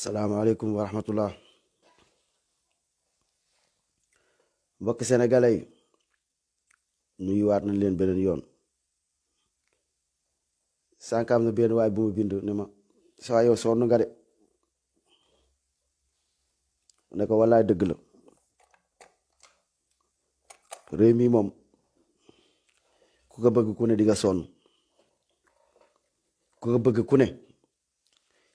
salaamaaleykum wa rahmatullah mbokk sénégalais yi nuyuwaat nañ leen beneen yoon sànq am na benn waay bu ma bind ne ma saa yow sonn nga de ne ko wallaay dëgg la réew mi moom ku ko bëgg ku ne di nga sonn ku ko bëgg ku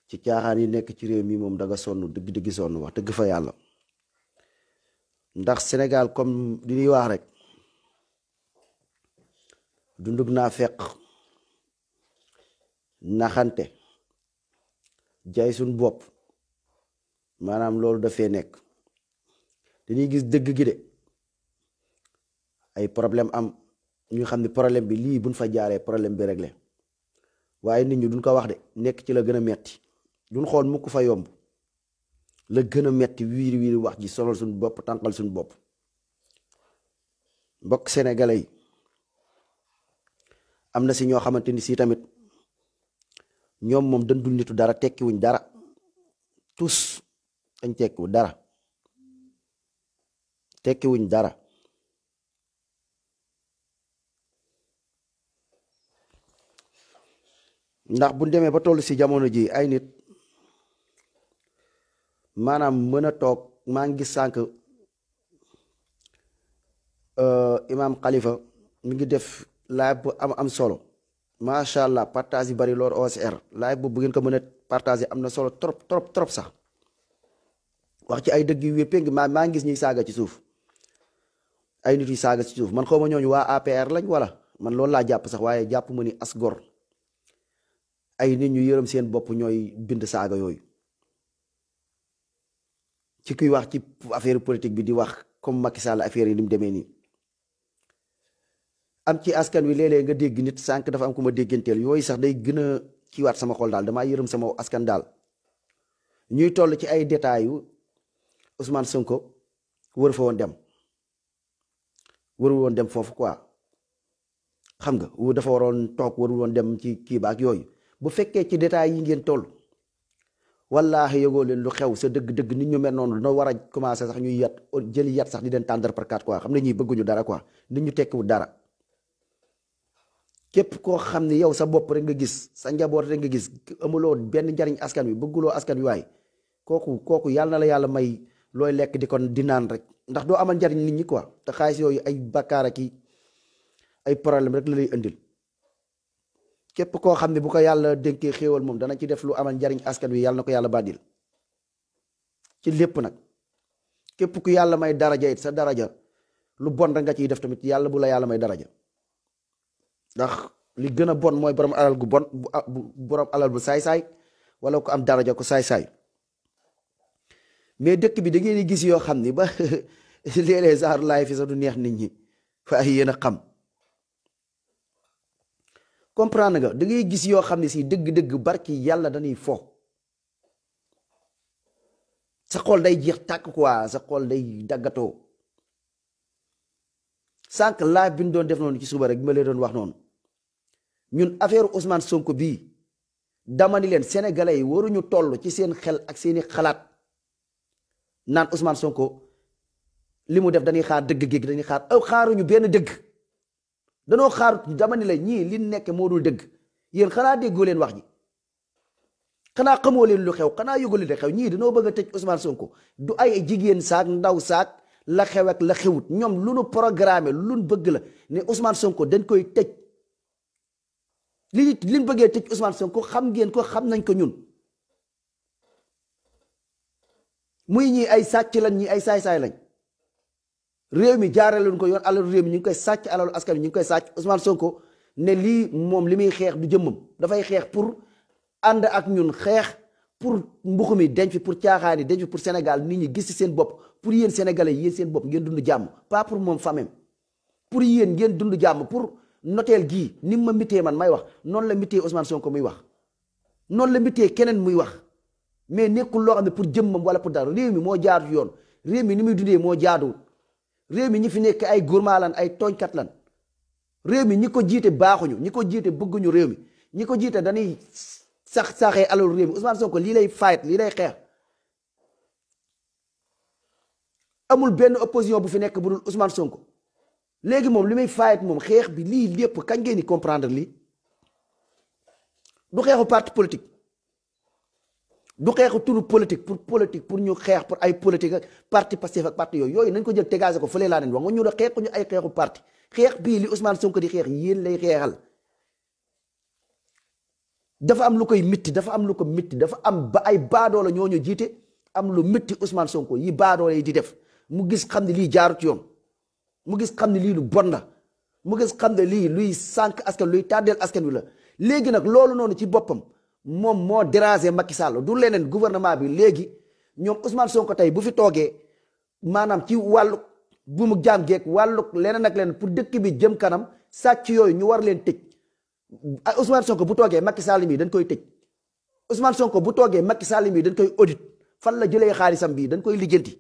ci caaxaan yi nekk ci réew mii moom danga sonn dëgg dëgg sonn wax dëgg fa yàlla ndax Sénégal comme li ñuy wax rek dundub naa feq naxante jay suñ bopp maanaam loolu dafee nekk dañuy gis dëgg gi de ay problème am ñu xam ne problème bi lii buñ fa jaaree problème bi le waaye nit ñu duñ ko wax de nekk ci la gën a metti duñ xool mukk fa yomb la gën a metti wiir wiir wax ji sonal suñu bopp tànqal suñu bopp mbokk sénégalais am na si ñoo xamante ni si tamit ñoom moom dañ dul nitu dara tekkiwuñ dara tous dañ tekkiwu dara tekkiwuñ dara ndax bu demee ba toll si jamono ji ay nit maanaam mën a toog maa ngi gis sànq euh, imaam kalifa mi ngi def live bu am am solo macha allah partage bari lool osr live bu bu ngeen ko mën a partage am na solo trop trop trop sax wax ci ay dëgg yu wéppé ngi maa ngis ñi saaga ci suuf ay nit yu saaga ci suuf man xaw ma ñooñu waa APR lañ wala man loolu laa jàpp sax waaye jàpp ma ni as gor ay nit ñu yërëm seen bopp ñooy bind saaga yooyu. ci kuy wax ci affaire politique bi di wax comme Macky Sall affaire yi ni nii am ci askan wi léeg nga dégg nit sànq dafa am ku ma dégganteel yooyu sax day gën a kiiwaat sama xol daal damaa yërëm sama askan daal ñuy toll ci ay détails yu Ousmane Sonko wër fa woon dem warul woon dem foofu quoi xam nga dafa waroon toog warul woon dem ci kii ba yooyu bu fekkee ci détails yi ngeen toll. wallaahi yëgoo leen lu xew sa dëgg-dëgg nit ñu mel noonu noo war a commencé sax ñuy yat jël yat sax di leen tàndar par quatre quoi xam ne ñuy bëgguñu dara quoi nit ñu tekkiwul dara képp koo xam ne yow sa bopp rek nga gis sa njaboot rek nga gis amuloo benn njariñ askan wi bëgguloo askan wi waaye kooku kooku yàlla na la yàlla may looy lekk di kon di naan rek ndax doo amal njariñ nit ñi quoi te xaalis yooyu ay bakkaara ki ay problème rek la lay indil. képp koo xam ne bu ko yàlla dénkee xéewal moom dana ci def lu amal njariñ askan wi yàlla na ko yàlla bàddil ci lépp nag képp ku yàlla may daraja it sa daraja lu bon rek nga ciy def tamit yàlla bu la yàlla may daraja ndax li gën a bon mooy borom alal gu bon bu ah, borom alal bu saay-saay wala ko am daraja ko saay-saay mais dëkk bi da ngeen di gis yoo xam ni ba léeg-léeg genre laay fi sax du neex nit ñi waaye yéen a xam comprendre nga da ngay gis yoo xam ne sii dëgg-dëgg barki yàlla dañuy fo sa xol day jeex tàkk quoi sa xol day daggatoo sànq laa bi doon def noonu ci suba rek bi ma leen doon wax noonu ñun affaire Ousmane Sonko bii dama ni leen sénégalais yi waruñu toll ci seen xel ak seeni xalaat naan Ousmane Sonko li mu def dañuy xaar dëgg-dëgg dañuy xaar aw xaaruñu benn dëgg. danoo xaarut dama la ñii li nekk moo dul dëgg yéen xanaa déggoo leen wax ji xanaa xamoo leen lu xew xanaa yëgoo leen xew ñii danoo bëgg a tëj Ousmane Sonko du ay jigéen saak ndaw saak la xew ak la xewut ñoom lu nu programme lu bëgg la ne Ousmane Sonko dañ koy tëj li liñ bëggee tëj Ousmane Sonko xam ngeen ko xam nañ ko ñun muy ñii ay sàcc lañ ñii ay saay-saay lañ réew mi jaaree leen ko yoon alalu réew mi ñu ngi koy sàcc alalu askan wi ñu ngi koy sàcc Ousmane Sonko ne lii moom li muy xeex du jëmmam dafay xeex pour ànd ak ñun xeex pour mbuxu mi denc fi pour caaxaan yi denc fi pour Sénégal nit ñi gis ci seen bopp pour yéen sénégalais yéen seen bopp ngeen dund jàmm pas pour moom famem pour yéen ngeen dund jàmm pour noteel gii ni ma mitee man may wax noonu la mitee Ousmane Sonko muy wax noonu la mitee keneen muy wax mais nekkul loo xam ne pour jëmmam wala pour dara réew moo jaadu yoon réew mi ni muy dundee moo jaaduwul réew mi ñi fi nekk ay gourmand lan ay tonkat lan réew mi ñi ko jiite baaxuñu ñi ko jiite bëgguñu réew mi ñi ko jiite dañuy sax saxee alalu réew mi Ousmane Sonko lii lay fayet lii lay xeex amul benn opposition bu fi nekk bu dul Ousmane Sonko léegi moom li may fayet moom xeex bi lii lépp kañ ngeen di comprendre lii du xeexu parti politique. du xeexu turu politique pour politique pour ñu xeex pour ay politique ak parti Pastef parti yooyu yooyu nañ ko jël tegaase ko fële laa leen wax nga ñu ne xeexu ñu ay xeexu parti xeex bii li Ousmane Sonko di xeex yéen lay xeexal dafa am lu koy mitti dafa am lu ko mitti dafa am ba ay baadoola ñoo ñu jiite am lu mitti Ousmane Sonko yi baadoola yi di def mu gis xam ne lii jaarut yoon mu gis xam ne lii lu bon la mu gis xam ne lii luy sànq askan luy tàddeel askan wi la léegi nag loolu noonu ci boppam. moom moo déranger Macky Sall du leneen gouvernement bi léegi ñoom Ousmane Sonko tey bu fi toogee maanaam ci wàllu buumu jaam geeg wàllu leneen ak leneen pour dëkk bi jëm kanam sàcc yooyu ñu war leen tëj ah, Ousmane Sonko bu toogee Macky Sall mii dañ koy tëj Ousmane Sonko bu toogee Macky Sall mii dañ koy audit fan la jëlee xaalisam bii dañ koy lijjanti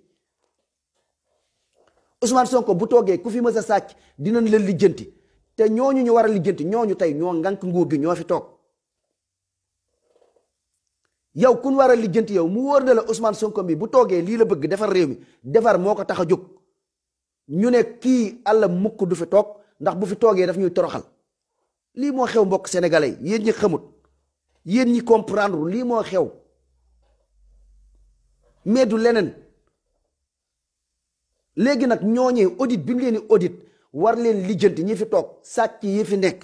Ousmane Sonko bu toogee ku fi mës a sàcc dinañ leen lijjanti te ñooñu ñu war a lijjanti ñooñu tey ñoo ngànk nguur gi ñoo fi toog. yow kun war a lijjanti yow mu wóor na la Ousmane Sonko bi bu toogee lii la bëgg defar réew mi defar moo ko tax a jóg ñu nekk kii àll mukk du fi toog ndax bu fi toogee daf ñuy toroxal lii moo xew mbokk sénégalais yéen ñi xamut yéen ñi comprendre lii moo xew mais du leneen léegi nag ñooñee audit bi mu leen di audit war leen lijjanti ñi fi toog sàcc yi fi nekk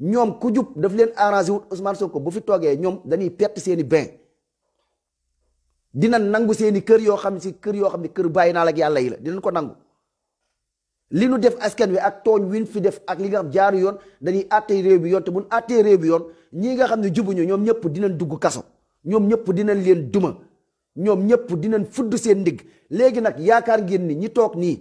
ñoom ku jub daf leen arrangé wut Ousmane Sonko bu fi toogee ñoom dañuy perte seeni bain dina nangu seeni kër yoo xam si kër yoo xam ne kër bàyyi naa la yàlla yi la dinañ ko nangu li nu def askan wi ak tooñ win fi def ak li nga xam jaaru yoon dañuy àttee réew bi yoon te bu ñu àttee réew bi yoon ñii nga xam ne jubuñu ñoom ñëpp dinañ dugg kaso ñoom ñëpp dinañ leen duma ñoom ñëpp dinañ fudd seen ndigg léegi nag yaakaar ngeen ni ñi toog nii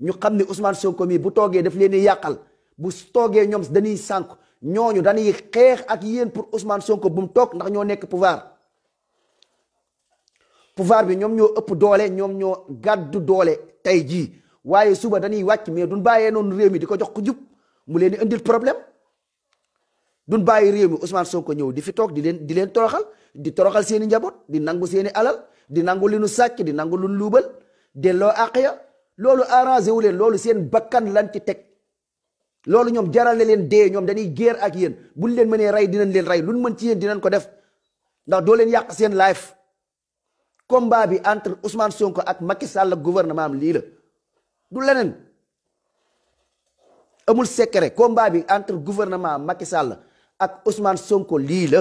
ñu xam ne Ousmane Sonko mii bu toogee daf leen di yàqal bu toogee ñoom dañuy sànku ñooñu dañuy xeex ak yéen pour Ousmane Sonko bu mu toog ndax ñoo nekk pouvoir pouvoir bi ñoom ñoo ëpp doole ñoom ñoo gàddu doole tey jii waaye suba dañuy wàcc mais duñ bàyyee noonu réew mi di ko jox ku jub mu leen di indil problème duñ bàyyi réew mi Ousmane Sonko ñëw di fi toog di leen di leen toroxal di toroxal seeni njaboot di nangu seeni alal di nangu li nu di nangu lu luubal delloo àq ya loolu arrangé wu leen loolu seen bakkan lan ci teg. loolu ñoom jaral na leen dee ñoom dañuy géer ak yéen buñ leen mënee rey dinañ leen rey luñ mën ci yen dinañ ko def ndax doo leen yàq seen life combat bi entre Ousmane Sonko ak Macky Sall ak gouvernement am lii la du leneen amul secret combat bi entre gouvernement Macky Sall ak Ousmane Sonko lii la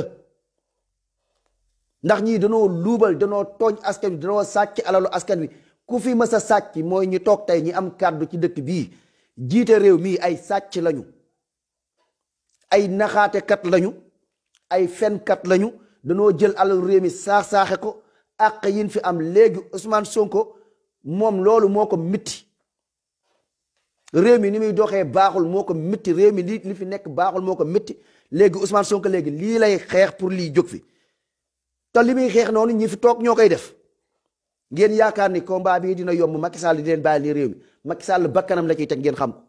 ndax ñii danoo luubal danoo tooñ askan wi danoo sàcc alalu askan wi ku fi masa a mooy ñu toog tey ñi am kàddu ci dëkk bii. jiite réew mii ay sàcc lañu ay naxaatekat lañu ay fenkat lañu danoo jël alal réew mi saax saaxe ko àq yin fi am léegi Ousmane Sonko moom loolu moo ko mitti réew mi ni muy doxee baaxul moo ko mitti réew mi li fi nekk baaxul moo ko mitti léegi Ousmane Sonko léegi lii lay xeex pour lii jóg fi te li muy xeex noonu ñi fi toog ñoo koy def ngeen yaakaar ni combat bii dina yomb Macky Sall di leen bàyyi réew mi Macky Sall bakkanam la ciy teg ngeen xam ko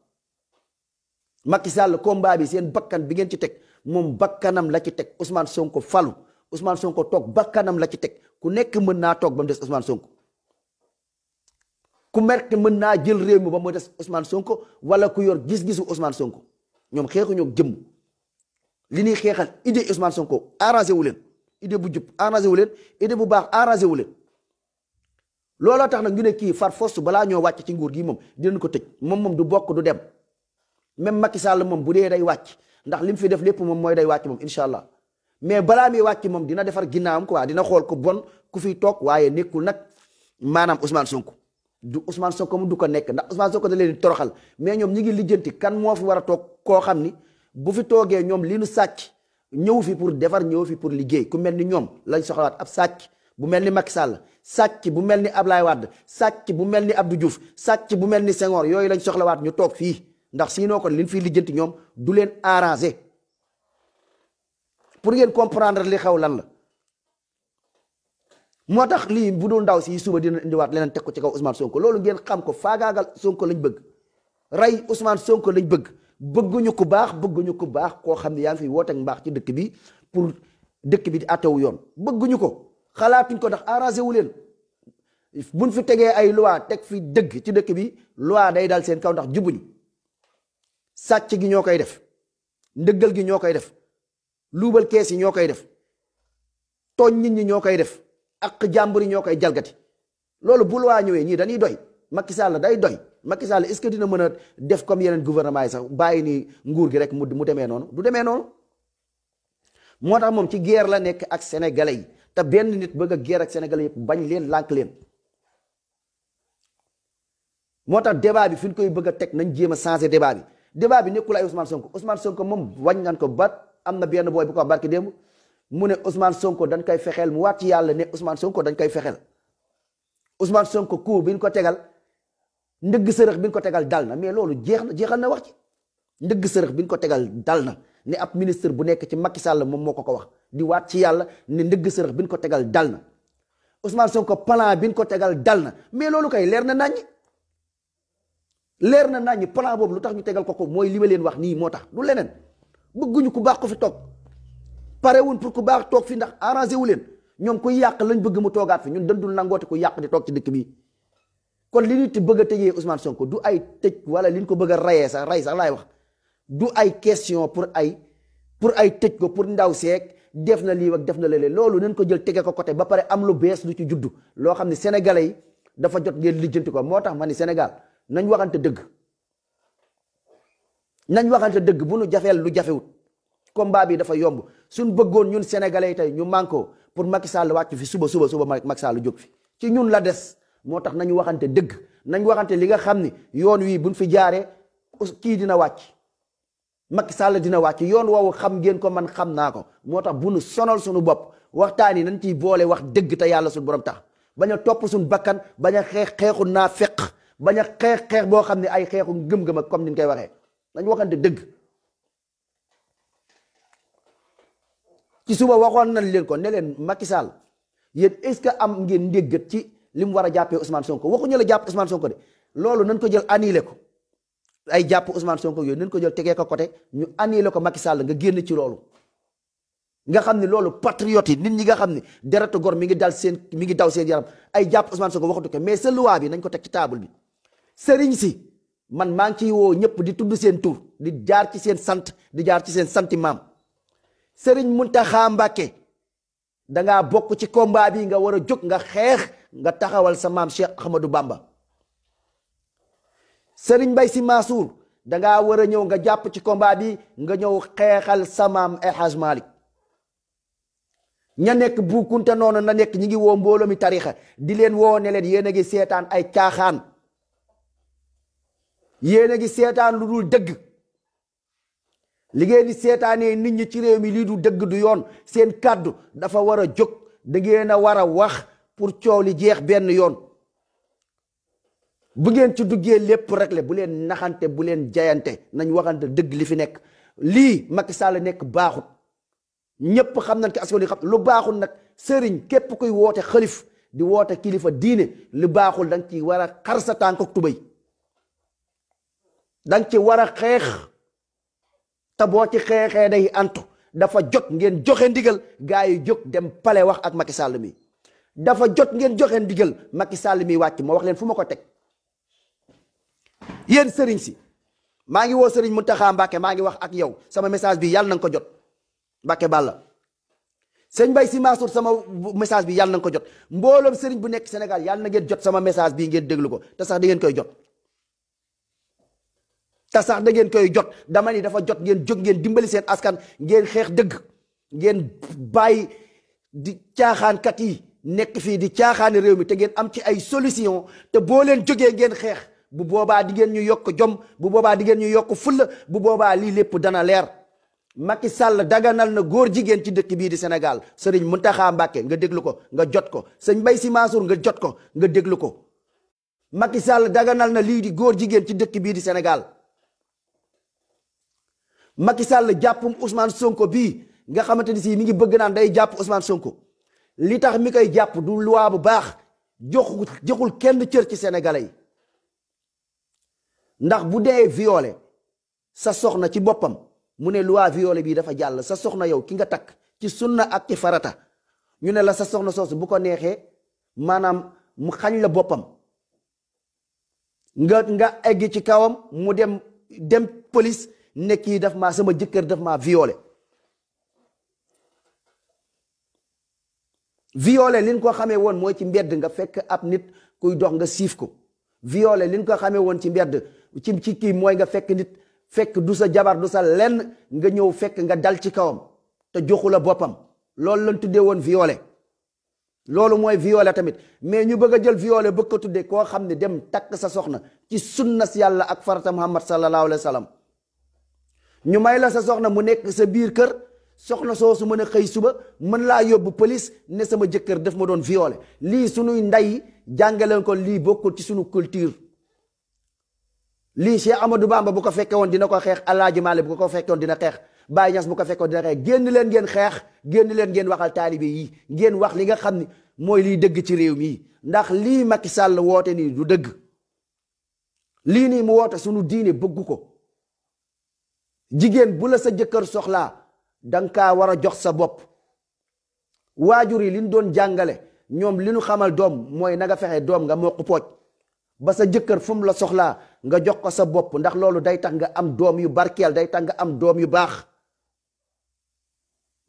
Macky Sall combat bi seen bakkan bi ngeen ci teg moom bakkanam la ci teg Ousmane Sonko falu Ousmane Sonko toog bakkanam la ci teg ku nekk mën naa toog ba mu des Ousmane Sonko ku merk mën naa jël réew mi ba mu des Ousmane Sonko wala ku yor gis-gisu Ousmane Sonko ñoom xeexuñoo jëmm li ñuy xeexal idée Ousmane Sonko arrangé wu leen idée bu jub arrangé wu leen idée bu baax arrangé wu leen. looloo tax nag ñu ne kii far force balaa ñoo wàcc ci nguur gi moom dinañ ko tëj moom moom du bokk du dem même Macky Sall moom bu dee day wàcc ndax li mu fi def lépp moom mooy day wàcc moom incha allah mais balaa muy wàcc moom dina defar ginnaawam quoi dina xool ko bon ku fiy toog waaye nekkul nag maanaam Ousmane Sonko du usmaan Sonko mu du ko nekk ndax Ousmane Sonko da leen toroxal mais ñoom ñi ngi lijjanti kan moo fi war a toog koo xam ni bu fi toogee ñoom li sàcc ñëw fi pour defar ñëw fi pour liggéey ku mel ni ñoom lañ soxlawaat ab sàcc bu mel ni Macky Sall sàcc bu mel ni Ablaye Wade sàcc bu mel ni Abdou Diouf sàcc bu mel ni Senghor yooyu lañ soxlawaat ñu toog fii ndax sinon kon liñ fii lijjanti ñoom du leen arranger pour ngeen comprendre li xew lan la moo tax lii bu dul ndaw si suba dina indiwaat leen teg ko ci kaw Ousmane Sonko loolu ngeen xam ko faagaagal Sonko lañ bëgg rey Ousmane Sonko lañ bëgg bëgguñu ko baax bëgguñu ko baax koo xam ne yaa ngi fi wooteeg mbaax ci dëkk bi pour dëkk bi di àttewu yoon bëgguñu ko. xalaatuñ ko ndax arrangé wu leen buñ fi tegee ay loi teg fi dëgg ci dëkk bi loi day dal seen kaw ndax jubuñu sàcc gi ñoo koy def ndëggal gi ñoo koy def luubal kees yi ñoo koy def tooñ nit ñi ñoo koy def ak jàmbur yi ñoo koy jalgati loolu bu loi ñëwee ñii dañuy doy Macky Sall day doy Macky Sall est-ce dina mën a def comme yeneen gouvernement yi sax bàyyi nii nguur gi rek mu demee noonu du demee noonu moo tax moom ci guerre la nekk ak senegale yi. te benn nit bëgg a guerre ak Sénégalais yëpp bañ leen lànk leen moo tax débat bi fi koy bëgg teg nañ jéem a changé débat bi débat bi nekkul ay Ousmane Sonko Ousmane Sonko moom wañ nan ko ba am na benn booy bu ko barki démb mu ne Ousmane Sonko dañ koy fexeel mu wàcc yàlla ne Ousmane Sonko dañ koy fexeel Ousmane Sonko coup bi ñu ko tegal ndëgg sërëx bi ñu ko tegal dal na mais loolu jeex na jeexal na wax ci ndëgg sërëx bi ñu ko tegal dal na ne ab ministre bu nekk ci Macky Sall moom moo ko ko wax. di waat ci yàlla ni ndëgg sërëx bi ñu ko tegal dal na Ousmane Sonko plan bi ñu ko tegal dal na mais loolu kay leer na naññ leer na naññ plan boobu lu tax ñu tegal ko ko mooy li leen wax nii moo tax du leneen bëgguñu ku baax ko fi toog parewuñ pour ku baax toog fi ndax arrangé wu leen ñoom kuy yàq lañ bëgg mu toogaat fi ñun dëndul nangoote ku yàq di toog ci dëkk bi kon li ñu bëgg a tëjee Ousmane Sonko du ay tëj wala li ko bëgg a rayee sax ray laay wax du ay question pour ay pour ay tëj ko pour ndaw seek def na lii ak def na lële loolu nañ ko jël tege ko côté ba pare am lu bees lu ci juddu loo xam ne sénégalais yi dafa jot ngeen lijjanti ko moo tax ma ni Sénégal nañ waxante dëgg nañ waxante dëgg bu nu jafeel lu jafewut combat bi dafa yomb suñ bëggoon ñun sénégalais tey ñu manko pour Macky Sall wàcc fi suba suba suba Macky Sall jóg fi ci ñun la des moo tax nañu waxante dëgg nañ waxante li nga xam ni yoon wii buñ fi jaaree kii dina wàcc Macky Sall dina ci yoon woowu xam ngeen ko man xam naa ko moo tax bu nu sonal suñu bopp waxtaan yi nañ ciy boole wax dëgg te yàlla suñu borom tax baña topp suñu bakkan baña xeex xeexu naa feq bañ a xeex xeex boo xam ne ay xeexu ngëm-ngëm ak comme ni ñu koy waxee dañ waxante dëgg ci suba waxoon nañ leen ko neleen leen Macky Sall yéen ce que am ngeen ndéggat ci li mu war a jàppee Ousmane Sonko waxuñu la jàpp Ousmane Sonko de loolu nañ ko jël annulé ko ay jàpp Ousmane ko yooyu nañ ko jël tegee ko kote ñu annulé ko Macky Sall nga génn ci loolu nga xam ne loolu patriote yi nit ñi nga xam ne deretu gor mi ngi dal seen mi ngi daw seen yaram ay jàpp Ousmane Sonko waxatu ko mais sa loi bi nañ ko teg ci table bi sëriñ si man maa ngi ciy woo ñëpp di tudd seen tur di jaar ci seen sant di jaar ci seen santi maam sëriñ mun Muntaxa Mbàkke dangaa bokk ci combat bi nga war a jóg nga xeex nga taxawal sa maam Cheikh Ahmadou Bamba sëriñ bay Sy Mansour da ngaa war a ñëw nga jàpp ci kombaa bi nga ñëw xeexal samaam El Hadj Malick ña nekk buukunte noonu na nekk ñi ngi woo mbooloo mi tarixa di leen woo ne leen yéen a ngi seetaan ay caaxaan yéen a ngi seetaan lu dul dëgg li ngeen di seetaanee nit ñi ci réew mi lii du dëgg du yoon seen kàddu dafa war a jóg da ngeen a war a wax pour coow li jeex benn yoon bu ngeen ci duggee lépp le bu leen naxante bu leen jayante nañ waxante dëgg li fi nekk lii Macky Sall nekk baaxut ñépp xam nañ ko askan lu baaxul nag sëriñ képp kuy woote xalif di woote kilifa diine lu baaxul da nga ci war a xar sa tànk ak tubéy ci war a xeex te boo ci xeexee day antu dafa jot ngeen joxe ndigal gaa yi jóg dem pale wax ak Macky Sall mi dafa jot ngeen joxe ndigal Macky Sall mi wàcc ma wax leen fu ma ko teg yéen sëriñ si maa ngi woo sëriñ Mountakha Mbacké maa ngi wax ak yow sama message bi yàlla nga ko jot Mbacké Balla sëñ Mbaye Sy Mansour sama message bi yàlla na nga jot mbooloom sëriñ bu nekk Sénégal yàlla na ngeen jot sama message bii ngeen déglu ko te sax da koy jot. te sax da koy jot dama ni dafa jot ngeen jóg ngeen dimbali seen askan ngeen xeex dëgg ngeen bàyyi di caaxaankat yi nekk fii di caaxaane réew mi te ngeen am ci ay solution te boo leen jógee ngeen xeex. bu boobaa di ñu yokk jom bu boobaa di ngeen ñu yokk fulla bu boobaa lii lépp dana leer makki sàll daganal na góor jigéen ci dëkk bii di senegal Sénégal mun taxa Mbacké nga déglu ko nga jot ko sëñ mbay Sy Mansour nga jot ko nga déglu ko Macky sàll daganal na lii di góor jigéen ci dëkk bii di senegal Macky sàll jàppum usmaan Sonko bii nga xamante ni si mi ngi bëgg naan day jàpp usmaan Sonko li tax mi koy jàpp du loi bu baax joxu joxul kenn cër ci sénégalais ndax bu dee viole sa soxna ci boppam mu ne loi viole bii dafa jàll sa soxna yow ki nga takk ci sunna ak ci farata ñu ne la sa soxna soosu bu ko neexee maanaam mu xañ la boppam nga nga egg ci kawam mu dem dem police ne kii daf ma sama jëkkër daf ma viole violé liñ koo xamee woon mooy ci mbedd nga fekk ab nit kuy dox nga siif ko viole liñ koo xamee woon ci mbedd ci ci kii mooy nga fekk nit fekk du sa jabar du sa lenn nga ñëw fekk nga dal ci kawam te joxu la boppam loolu lañ tuddee woon viole loolu mooy viole tamit mais ñu bëgg a jël viole bëgg ko tuddee koo xam ne dem takk sa soxna ci sunnas yàlla ak farata muhammad sallallahu alayhi wa ñu may la sa soxna mu nekk sa biir kër soxna soosu mën a xëy suba mën laa yóbbu police ne sama jëkkër daf ma doon violé lii sunuy ndey jàngaleen ko lii bokkul ci sunu culture lii Cheikh Amadou Bamba bu ko fekkee woon dina ko xeex Alaaji Maalik bu ko fekke woon dina xeex baay Niass bu ko fekke woon dina xeex génn leen ngeen xeex génn leen ngeen waxal taalibe yi ngeen wax li nga xam ni mooy liy dëgg ci réew mi ndax lii Macky sàll woote nii du dëgg lii nii mu woote sunu diine bëggu ko jigéen bu la sa jëkkër soxlaa danga kaa war a jox sa bopp waajur yi li ñu doon jàngale ñoom li nu xamal doom mooy na nga doom nga mokk pooj ba sa jëkkër fu la soxlaa nga jox ko sa bopp ndax loolu day tax nga am doom yu barkeel day tax nga am doom yu baax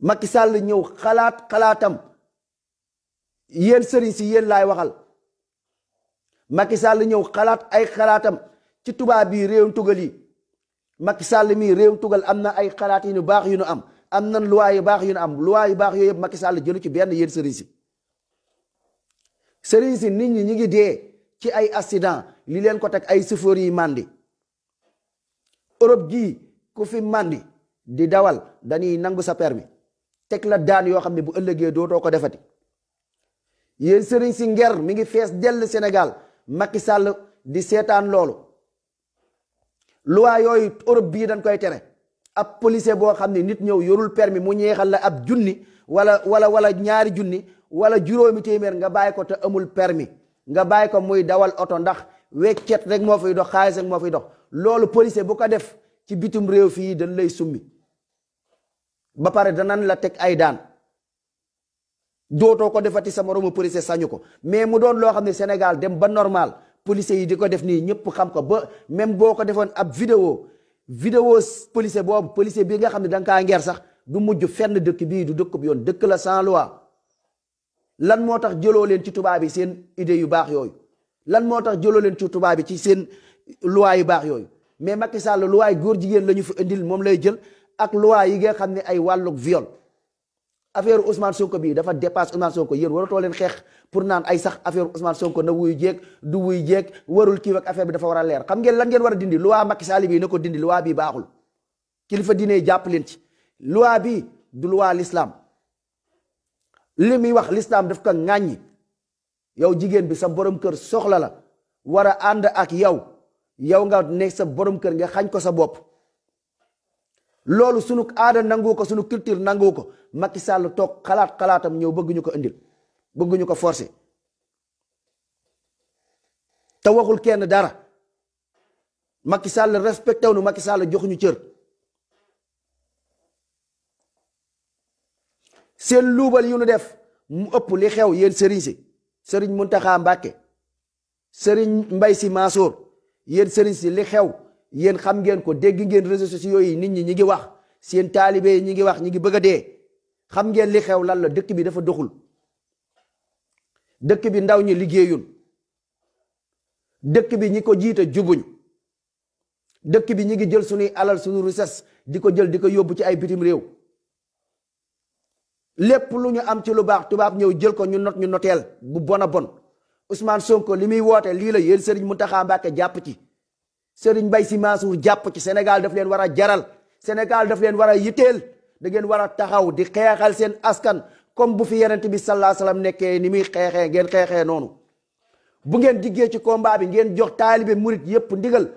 Macky Sall ñëw xalaat xalaatam yéen sëriñ si yéen laay waxal Macky Sall ñëw xalaat ay xalaatam ci tubaab yi réewum tugal yi Macky Sall mii réewum tugal am na ay xalaat yu baax yu nu am am nan loi yu baax yu nu am loi yu baax yooyu yëpp Macky Sall jëlu ci benn yéen sëriñ si sëriñ si nit ñi ñu ngi dee ci ay accident li leen ko teg ay chauffeur yi màndi Europe gii ku fi màndi di dawal dañuy nangu sa permi teg la daan yoo xam ne bu ëllëgee doo dootoo ko defati yéen sëriñ si nger mi ngi fees dell senegal makki sàll di seetaan loolu loi yooyu Europe bii dañ koy tere ab policier boo xam ne nit ñëw yorul permis mu ñeexal la ab junni wala wala wala ñaari junni wala juróomi téeméer nga bàyyi ko te amul permi nga bàyyi ko muy dawal oto ndax weccet rek moo fay dox xaalis rek moo fay dox loolu policier bu ko def ci bitum réew fii dañ lay summi ba pare danañ la teg ay daan dootoo ko defati sa moromu policier sañu ko mais mu doon loo xam ne Sénégal dem ba normal policier yi di ko def nii ñëpp xam ko ba même boo ko defoon ab vidéo vidéo policier boobu policier bi nga xam ne da nga kaa ngeer sax du mujj fenn dëkk bii du dëkk yoon dëkk la sans loi lan moo tax jëloo leen ci tubaab yi seen idée yu baax yooyu lan moo tax jëloo leen ci tubaab bi ci seen loi yu baax yooyu mais Macky Sall loi yi góor jigéen la ñu fi indil moom lay jël ak loi yi nga xam ne ay wàllug viol affaire Ousmane Sonko bii dafa dépasse Ousmane Sonko yéen waratoo leen xeex pour naan ay sax affaire Ousmane Sonko na wuyu jeeg du wuyu jeeg warul kii ak affaire bi dafa war a leer xam ngeen lan ngeen war a dindi loi Macky Sall ne ko dindi loi bii baaxul kilifa diine jàpp leen ci loi bi du loi l'islam li muy wax l'islam daf ko ŋàññi yow jigéen bi sa borom kër soxla la war a ànd ak yow yow nga ne sa borom kër nga xañ ko sa bopp loolu sunu aada nangu ko sunu culture nangu ko Macky sàll toog xalaat xalaatam ñëw bëgguñu ko indil bëgguñu ko forcer te waxul kenn dara Macky sàll respecté wu ñu Macky Sall joxuñu cër seen luubal yu nu def mu ëpp li xew yéen sëriñ si sëriñ Muntaxa Mbàkke sëriñ Mbay Si Mansour yéen sëriñ si li xew yéen xam ngeen ko dégg ngeen réseaux sociaux yi nit ñi ñi ngi wax seen taalibe yi ñi ngi wax ñi ngi bëgg dee xam ngeen li xew lan la dëkk bi dafa doxul dëkk bi ndaw ñi liggéeyul dëkk bi ñi ko jiita jubuñ dëkk bi ñi ngi jël sunuy alal sunu richesse di ko jël di ko yóbbu ci ay bitim réew lépp lu ñu am ci lu baax tubaab ñëw jël ko ñu not ñu noteel bu bon a bon Ousmane Sonko li muy woote lii la yéen Serigne Mountakha Mbacké jàpp ci sëriñ Mbaye Sy Mansour jàpp ci Sénégal daf leen war a jaral Sénégal daf leen war a yitteel da ngeen war a taxaw di xeexal seen askan comme bu fi Yonent bi sallallahu alayhi wasallam nekkee ni muy xeexee ngeen xeexee noonu bu ngeen diggee ci combat bi ngeen jox taalibe murit yépp ndigal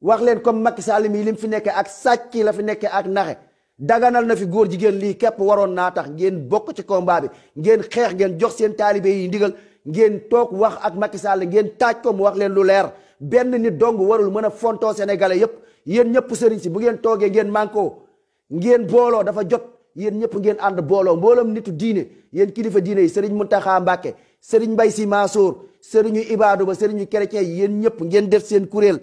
wax leen comme Macky Sall mi lim fi nekkee ak sàcc la fi nekkee ak naxe daganal na fi góor jigéen lii képp waroon naa tax ngeen bokk ci combat bi ngeen xeex ngeen jox seen taalibe yi ndigal ngeen toog wax ak Macky Sall ngeen taaj ko mu wax leen lu leer benn nit dong warul mën a fontoo sénégalais yépp yéen ñëpp sëriñ si bu ngeen toogee ngeen mànkoo ngeen booloo dafa jot yéen ñëpp ngeen ànd booloo mbooloom nitu diine yéen kilifa diine yi sëriñ Muntaxa Mbàkke sëriñ Mbay Si Mansour sëriñu Ibaadu ba sëriñu kere ci yéen ñëpp ngeen def seen kuréel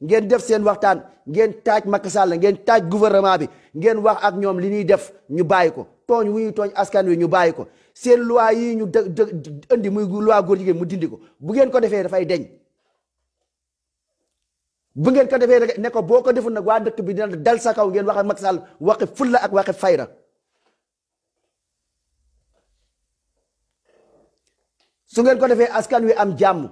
ngeen def seen waxtaan ngeen taaj Macky Sall ngeen taaj gouvernement bi ngeen wax ak ñoom li ñuy def ñu bàyyi ko tooñ wu ñuy tooñ askan wi ñu bàyyi ko seen loi yi ñu dë dë muy loi góor jigéen mu dindi ko bu ngeen ko defee dafay deñ bu ngeen ko defee ne ko boo ko deful nag waa dëkk bi dina dal sa kaw ngeen wax ak Macky Sall waxi fulla ak waxi fayra su ngeen ko defee askan wi am jàmm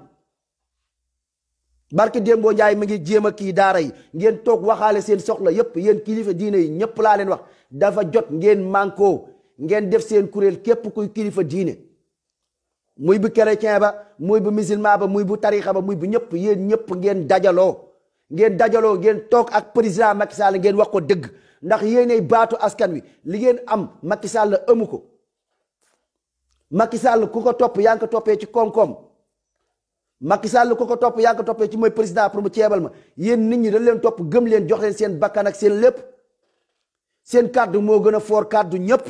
barki démboo njaay mi ngi jéem a kii daara yi ngeen toog waxaale seen soxla yépp yéen kilifa diine yi ñëpp laa leen wax dafa jot ngeen mànkoo ngeen def seen kuréel képp kuy kilifa diine muy bu chrétien ba muy bu musulman ba muy bu tarixa ba muy bu ñëpp yéen ñëpp ngeen dajaloo ngeen dajaloo ngeen toog ak président Macky Sall ngeen wax ko dëgg ndax yéenay baatu askan wi li ngeen am Macky Sall amu ko Macky Sall ku ko topp yaa ngi ko toppee ci koom-koom Macky Sall ko ko topp yaa ko toppee ci mooy président pour mu ceebal ma yéen nit ñi dañ leen topp gëm leen jox leen seen bakkan ak seen lépp seen kàddu moo gën a foor kàddu ñépp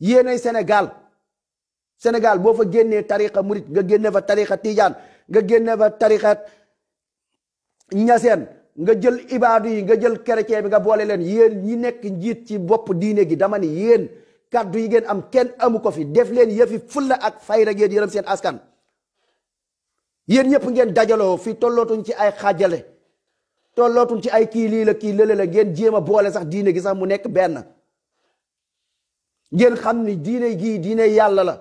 yéenay senegal senegal boo fa génnee tarixa murit nga génne fa tarixa tijaan nga génne fa tarixa ñaseen nga jël ibaadu yi nga jël chrétien bi nga boole leen yéen ñi nekk njiit ci bopp diine gi dama ni yéen kàddu yi ngeen am kenn amu ko fi def leen yëfi fulla ak fayda ngeen yërëm seen askan yéen ñëpp ngeen dajaloo fii tollootuñ ci ay xaajale tollootuñ ci ay kii lii la kii lële la ngeen jéem a boole sax diine gi sax mu nekk benn ngeen xam ni diine gii diine yàlla la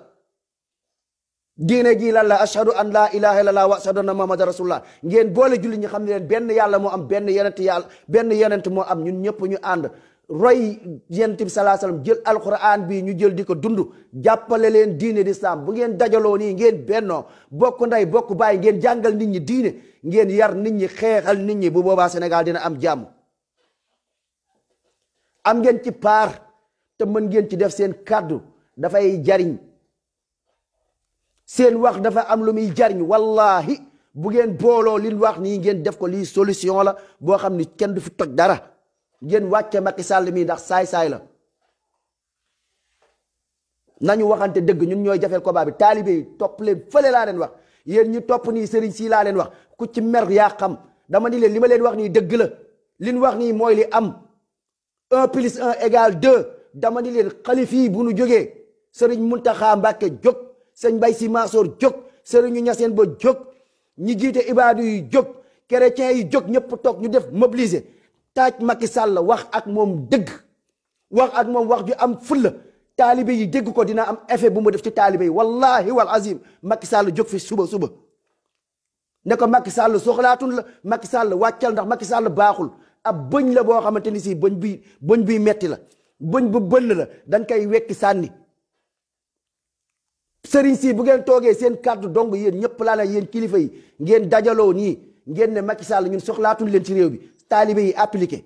diine gii lan la ashhadu an laa ilaha illallah wa ashhadu anna muhammadan rasulullah ngeen boole julli ñi xam ne leen benn yàlla moo am benn yonent yàlla benn yenent moo am ñun ñëpp ñu ànd roy yent bi salaa salaam jël alquran bi ñu jël di ko dund jàppale leen diine d'islam bu ngeen dajaloo nii ngeen bennoo bokk ndey bokk baay ngeen jàngal nit ñi diine ngeen yar nit ñi xeexal nit ñi bu boobaa senegal dina am jàmm am ngeen ci paar te mën ngeen ci def seen kàddu dafay jariñ seen wax dafa am lu muy jariñ wallahi bu ngeen booloo liñ wax nii ngeen def ko lii solution la boo xam ni kenn du fi toj dara ngeen wàcce Macky sàll mii ndax saay-saay la nañu waxante dëgg ñun ñooy jafeel combat bi taalibe yi topp leen fële laa leen wax yéen ñu topp nii sëriñ sii laa leen wax ku ci mer yaa xam dama ni leen li ma leen wax nii dëgg la li wax nii mooy li am un plus un égale deux dama ni leen xalif bu nu jógee sëriñ Muntaxa Mbàkke jóg sëñ mbay Si Mansoor jóg sëriñu Ñaseen ba jóg ñi jiite ibaadu yi jóg chrétien yi jóg ñëpp toog ñu def mobiliser taaj sàll la wax ak moom dëgg wax ak moom wax ju am fulla taalibe yi dégg ko dina am effet bu mu def ci taalibe yi wallahi wal azim Macky Sall jóg fi suba suba ne ko sàll Sall soxlaatun la makki sàll wàccal ndax Macky sàll baaxul ab bëñ la boo xamante ni si bëñ bi bëñ bi metti la bëñ bu bënn la dañ koy wekki sànni sëriñ si bu ngeen toogee seen kàddu dong yéen ñëpp laa ne yéen kilifa yi ngeen dajaloo nii ngeen ne Macky Sall ñun soxlaatun leen ci réew bi taalibe yi appliqué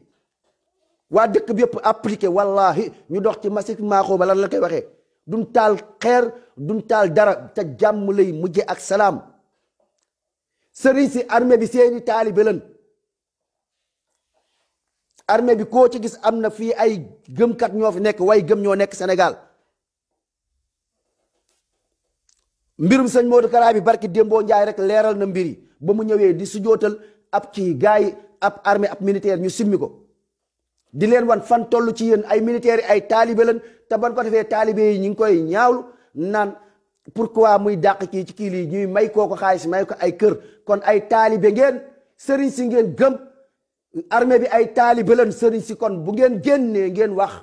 waa dëkk bi yëpp appliqué wallahi ñu dox ci masik maaxoo ba la koy waxe duñ taal xeer duñ taal dara te jàmm lay mujje ak salaam sëriñ si armée bi seeni taalibe lan armée bi koo ci gis am na fii ay gëmkat ñoo fi nekk way gëm ñoo nekk senegal mbirum sëñ Modou Kara bi barki démboo Njaay rek leeral na mbiri ba mu ñëwee di sujootal ab ci gaay ab armée ab militaire ñu simmi ko di leen wan fan toll ci yéen ay militaires yi ay taalibe lañ te ban ko defee taalibe yi ñu ngi koy ñaawlu naan pour quoi muy dàq kii ci kii lii ñuy may koo ko xaalis may ko ay kër kon ay taalibe ngeen sëriñ si ngeen gëm armée bi ay taalibe lañ sëriñ si kon bu ngeen génnee ngeen wax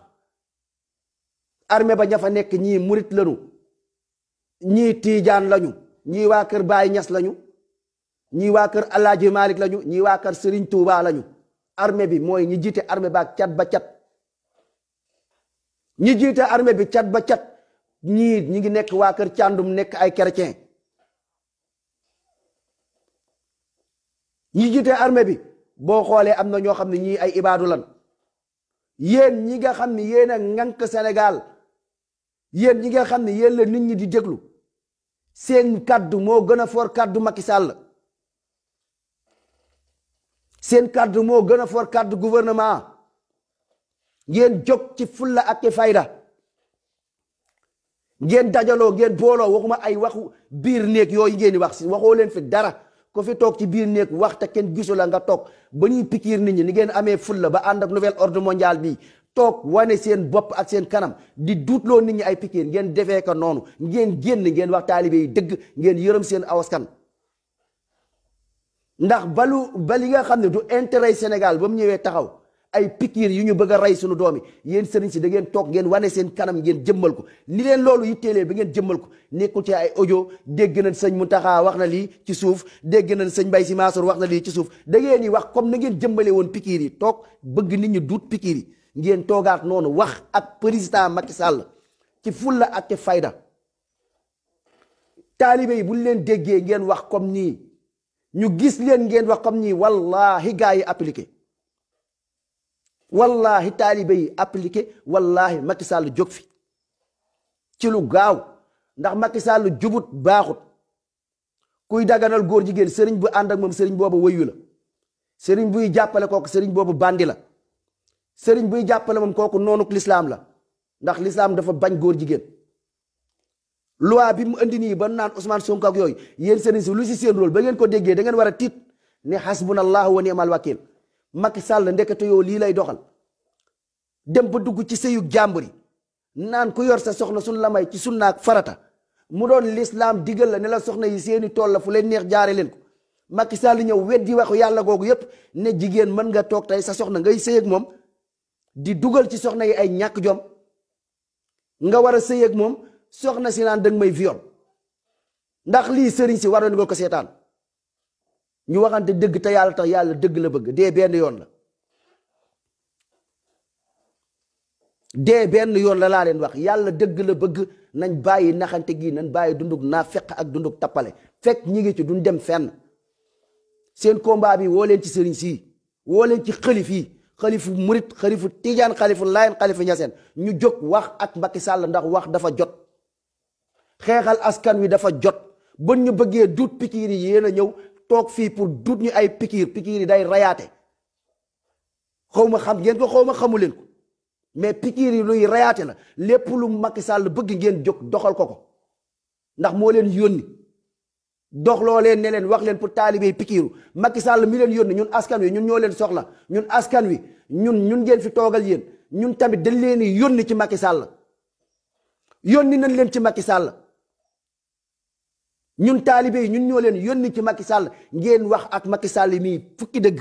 armée ba ña fa nekk ñii murit lañu ñii tiijaan lañu ñii waa kër Baay Ñas lañu ñii waa kër Alaaji Malik lañu ñii waa kër sëriñ Touba lañu armée bi mooy ñi jiite armée ba cat ba cat ñi jiite armée bi cat ba cat ñii ñi ngi nekk waa kër Càndum nekk ay chrétien ñi jiite armée bi boo xoolee am na ñoo xam ne ñii ay ibaadu lan yéen ñi nga xam ne yéen a yéen ñi nga xam ne yéen la nit ñi di jëglu seen kàddu moo gën a foor kàddu Macky Sall seen kàddu moo gën a for kàddu gouvernement ngeen jog ci fulla ak fayda ngeen dajaloo ngeen booloo waxuma ay waxu biir néeg yooyu ngeen di wax si waxoo leen fi dara ko fi toog ci biir néeg wax te kenn gisu la nga toog ba ñuy pikiir nit ñi ni ngeen amee fulla ba ànd ak nouvel ordre mondial bi toog wane seen bopp ak seen kanam di duutloo nit ñi ay pikiir ngeen defee ko noonu ngeen génn ngeen wax taalibe yi dëgg ngeen yërëm seen awaskan ndax balu ba li nga xam ne du intere Sénégal ba mu ñëwee taxaw ay pikiir yu ñu bëgg a rey suñu doom yi yéen sëriñ si da ngeen toog ngeen wane seen kanam ngeen jëmmal ko ni leen loolu yitteelee ba ngeen jëmmal ko nekkul ci ay ojo dégg nañ sëñ taxa wax na lii ci suuf dégg nañ sëñ Mbaye Sy Mansour wax na lii ci suuf da ngeen di wax comme na ngeen jëmbalee woon pikiir yi toog bëgg nit ñi duut pikiir yi ngeen toogaat noonu wax ak président Macky sàll ci fulla ak fayda taalibe yi buñ leen déggee ngeen wax comme nii ñu gis leen ngeen wax comme ni wallaahi gaa yi appliqué wallaahi taalibe yi appliqué wallaahi Macky Sall jóg fi ci lu gaaw ndax Macky Sall jubut baaxut kuy daganal góor jigéen sëriñ bu ànd ak moom sëriñ boobu wëyu la sëriñ buy jàppale kooku sëriñ boobu bandi la sëriñ buy jàppale moom kooku noonu lislaam la ndax lislaam dafa bañ góor jigéen. loi bi mu indini ba naan Ousmane Sonko ak yooyu yéen sëriñ si lu si seen rôle ba ngeen ko déggee da ngeen war a tiit ne xasbunallahu wa ni'mal wakiil makki Sall ndekete yow lii lay doxal dem ba dugg ci sëyu jàmbur yi naan ku yor sa soxna suñ la ci sunna ak farata mu doon lislaam digal la ne la soxna yi seeni tool la fu leen neex jaare leen ko makki Sall ñëw weddi wax yàlla googu yépp ne jigéen mën nga toog tey sa soxna ngay sëy ak moom di dugal ci soxna yi ay ñàkk jom nga war a sëy moom soxna si naan danga may viol ndax lii sëriñ si waroon nga ko seetaan ñu waxante dëgg te yàlla tax yàlla dëgg la bëgg dee benn yoon la dee benn yoon la laa leen wax yàlla dëgg la bëgg nañ bàyyi naxante gii nañ bàyyi dundug naa feq ak dundug tappale fekk ñi ngi ci duñ dem fenn seen combat bi woo leen ci sëriñ sii woo leen ci xalif yi xalifu murit xalifu tijaan xalifu layen xalifu ñaseen ñu jóg wax ak Macky Sall ndax wax dafa jot xeexal askan wi dafa jot ba ñu bëggee duut pikiir yi yéen a ñëw toog fii pour duut ñu ay pikiir pikiir yi day reyaate xaw ma xam ngeen ko xaw ma xamu leen ko mais pikiir yi luy rayaate la lépp lu Macky Sall bëgg ngeen jóg doxal ko ko ndax moo leen yónni dox loo leen ne leen wax leen pour taalibey pikiiru Macky Sall mi leen yónni ñun askan wi ñun ñoo leen soxla ñun askan wi ñun ñun ngeen fi toogal yéen ñun tamit dañ leen yónni ci Macky Sall yónni nañ leen ci Macky Sall ñun taalibe yi ñun ñoo leen yónni ci Macky Sall ngeen wax ak Macky Sall mii fukki dëgg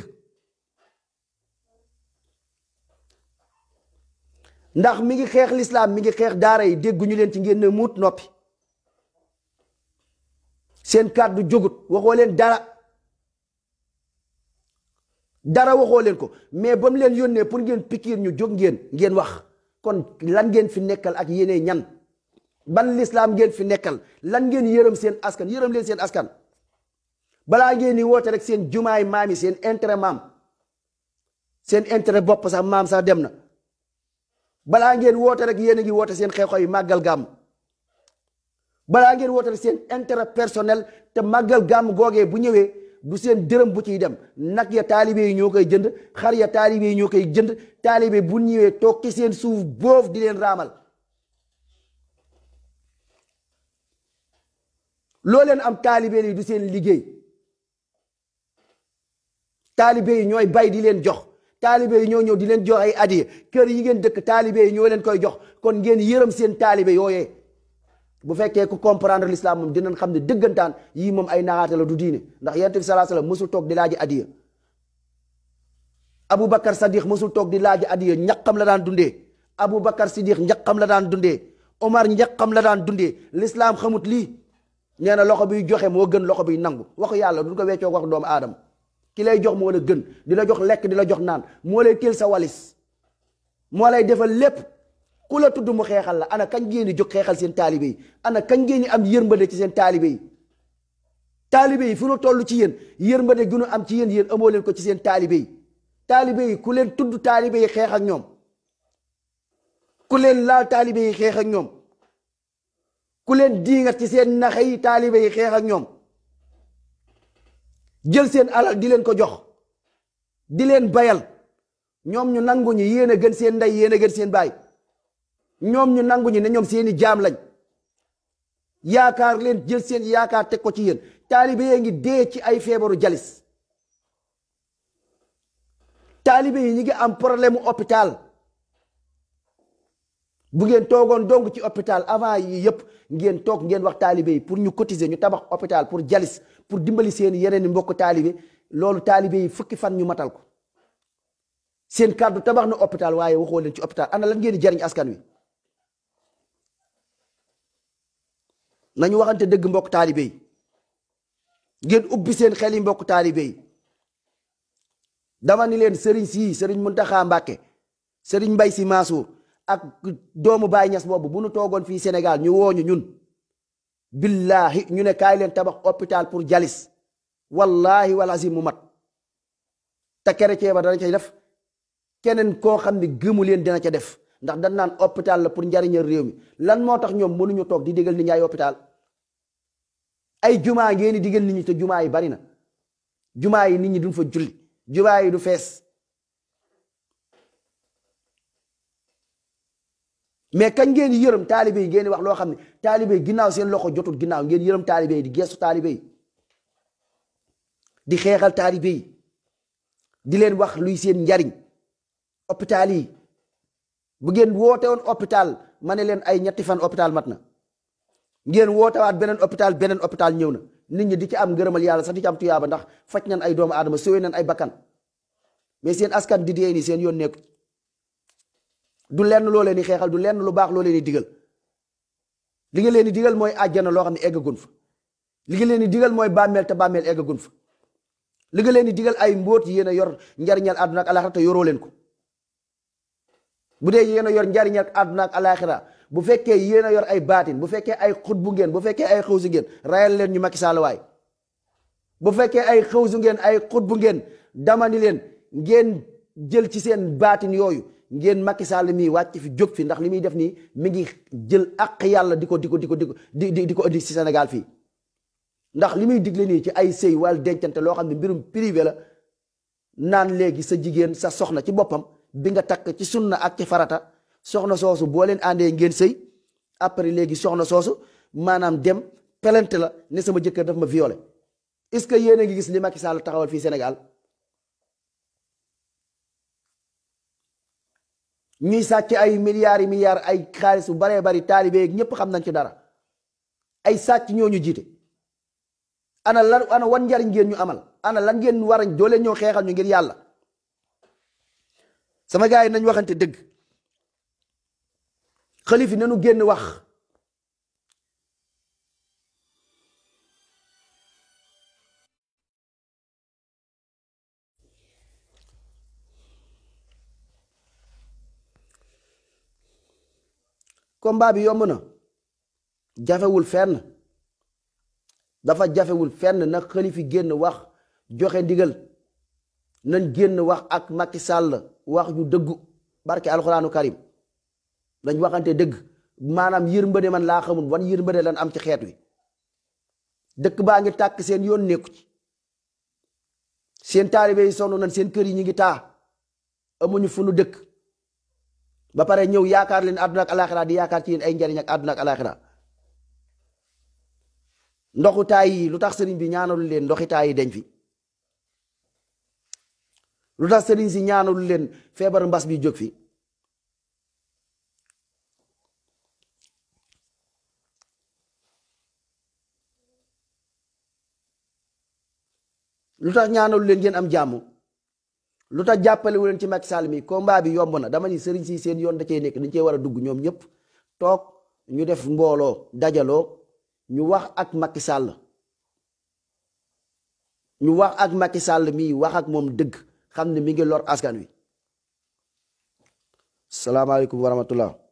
ndax mi ngi xeex lislaam mi ngi xeex daara yi dégguñu leen ci ngeen ne muut noppi seen kàddu jógut waxoo leen dara dara waxoo leen ko mais ba mu leen yónnee pour ngeen pikiir ñu jóg ngeen ngeen wax kon lan ngeen fi nekkal ak yeneen ñan ban lislaam ngeen fi nekkal lan ngeen yërëm seen askan yërëm leen seen askan balaa ngeen di woote rek seen jumaay maam yi seen intérêt maam seen intérêt bopp sax maam sax dem na balaa ngeen woote rek yéen a ngi woote seen xew-xew yi màggal gàmm balaa ngeen woote rek seen intérêt personnel te màggal gàmm googee bu ñëwee du seen dërëm bu ciy dem nag ya taalibe yi ñoo koy jënd xar ya taalibe yi ñoo koy jënd taalibe bu ñëwee toog ci seen suuf boof di leen raamal loo leen am taalibe yi du seen liggéey taalibe yi ñooy bay di leen jox taalibe yi ñoo ñëw di leen jox ay adiya kër yi ngeen dëkk taalibe yi ñoo leen koy jox kon ngeen yërëm seen taalibe yooyee bu fekkee ku comprendre l'islam moom dinañ xam ne dëggantaan yii moom ay naxaate la du diine ndax yonent bi sallallahu alayhi mësul toog di laaji adiya Aboubacar Sadiq mësul toog di laaji adiya ñaqam la daan dundee Aboubacar Sadiq ñaqam la daan dundee Omar ñaqam la daan dundee lislaam xamut lii nee na loxo biy joxe moo gën loxo bi nangu waxu yàlla du ko weccoo wax doomu aadama ki lay jox moo la gën di la jox lekk di la jox naan moo lay teel sa walis moo lay defal lépp ku la tudd mu xeexal la ana kañ ngeen di jóg xeexal seen taalibe yi ana kañ ngeen di am yërmande ci seen taalibe yi taalibe yi fu nu toll ci yéen yërmande gi nu am ci yéen yéen amoo leen ko ci seen taalibe yi taalibe yi ku leen tudd taalibe yi xeex ak ñoom ku leen laal taalibe yi xeex ak ñoom ku leen diingat ci seen naxe yi taalibe yi xeex ak ñoom jël seen alal di leen ko jox di leen bayal ñoom ñu nangu ñi yéen gën seen ndey yéen a gën seen baay ñoom ñu nangu ñi ne ñoom seeni jaam lañ yaakaar leen jël seen yaakaar teg ko ci yéen taalibe yee ngi dee ci ay feebaru jalis taalibe yi ñu ngi am problème hôpital bu ngeen toogoon dong ci hôpital avant yi yëpp ngeen toog ngeen wax taalibe yi pour ñu cotiser ñu tabax hôpital pour jalis pour dimbali seen yeneen i mbokk taalibe loolu taalibe yi fukki fan ñu matal ko seen kaddu tabax nu hôpital waaye waxoo leen ci hôpital ana lan ngeen di jariñ askan wi nañu waxante dëgg mbokk taalibe yi ngeen ubbi seen xeli yi mbokk taalibe yi dama ni leen sëriñ sii sëriñ Muntaxa Mbàkke sëriñ Mbay Si Mansour ak doomu Baay Ñas boobu bu nu toogoon fii Sénégal ñu wooñu ñun billahi ñu ne kaay leen tabax hôpital pour jalis wallahi wal azim mu mat te kere ceeba dana ca def keneen koo xam ne gëmu leen dana ca def ndax dan naan hôpital la pour njariñal réew mi lan moo tax ñoom mënuñu toog di diggal nit ñi ay hôpital ay jumaa ngeen di digal nit ñi te jumaa yi bari na jumaa yi nit ñi duñ fa julli jumaa yi du fees mais kañ ngeen yërëm taalibe yi ngeen wax loo xam ne taalibe yi ginnaaw seen loxo jotul ginnaaw ngeen yërëm taalibe yi di gestu taalibe yi di xeexal taalibe yi di leen wax luy seen njariñ hôpital yi bu ngeen woote woon hôpital ma ne leen ay ñetti fan hôpital mat na ngeen wootewaat beneen hôpital beneen hôpital ñëw na nit ñi di ci am ngërëmal yàlla sax di ci am tuyaaba ndax faj nan ay doomu aadama sowee nan ay bakkan mais seen askan di dee nii seen yoon nekk du lenn loo leen di xeexal du lenn lu baax loo leen di digal li nga leen di digal mooy àjjana loo xam ne eggagun fa li nga leen di digal mooy bàmmeel te bàmmeel eggagun fa li nga leen di digal ay mbóot yéen a yor njariñal àdduna ak alaxira leen ko bu dee yéen a yor njariñal àdduna ak bu fekkee yéen a yor ay baatin bu fekkee ay xutbu ngeen bu fekkee ay xawsu ngeen rayal leen ñu Macky Sall waay bu fekkee ay xawsu ngeen ay xutbu ngeen damani leen ngeen jël ci seen baatin yooyu ngeen Macky Sall mii wàcc fi jóg fi ndax li muy def nii mi ngi jël àq yàlla di ko di ko di ko di di di ko indi si Sénégal fii ndax li muy digle nii ci ay sëy wàll dencante loo xam ne mbirum privé la naan léegi sa jigéen sa soxna ci boppam bi nga takk ci sunna ak ci farata soxna soosu boo leen àndee ngeen sëy après léegi soxna soosu maanaam dem pelante la ne sama jëkkër daf ma violé est-ce que yéen a ngi gis li Macky Sall taxawal fii Sénégal. ñuy sàcc ay milliards yi milliar ay xaalis bu baree bari taalibe yeeg ñëpp xam nañ ci dara ay sàcc ñoo ñu jiite ana lan ana wan njariñ geen ñu amal ana lan ngeen war a doo leen xeexal ñu ngir yàlla sama gars yi nañ waxante dëgg xalifi nanu génn wax. combat bi yomb na jafewul fenn dafa jafewul fenn na xalifi génn wax joxe ndigal nañ génn wax ak Macky Sall wax ju dëggu barke alxuraanu karim dañ waxante dëgg maanaam yërmande man laa xamul wan yërmande lan am ci xeet wi dëkk baa ngi tàkk seen yoon nekku ci seen taalibe yi sonn nañ seen kër yi ñu ngi taa amuñu fu nu dëkk ba pare ñëw yaakaar leen àdduna ak alaxira di yaakaar ci yéen ay njariñ ak ak alaxira ndoxu yi lu tax sëriñ bi ñaanalu leen ndoxi taay yi dañ fi lu tax sëriñ si ñaanalu leen feebar mbas bi jóg fi lu tax ñaanalu leen ngeen am jàmm lu tax jàppale wu leen ci Macky sàll mi combat bi yomb na dama ni sëriñ si seen yoon da cee nekk dañ cee war a dugg ñoom ñëpp toog ñu def mbooloo dajaloo ñu wax ak Macky sàll ñu wax ak Macky sàll mii wax ak moom dëgg xam ne mi ngi lor askan wi. salaamaaleykum wa rahmatullah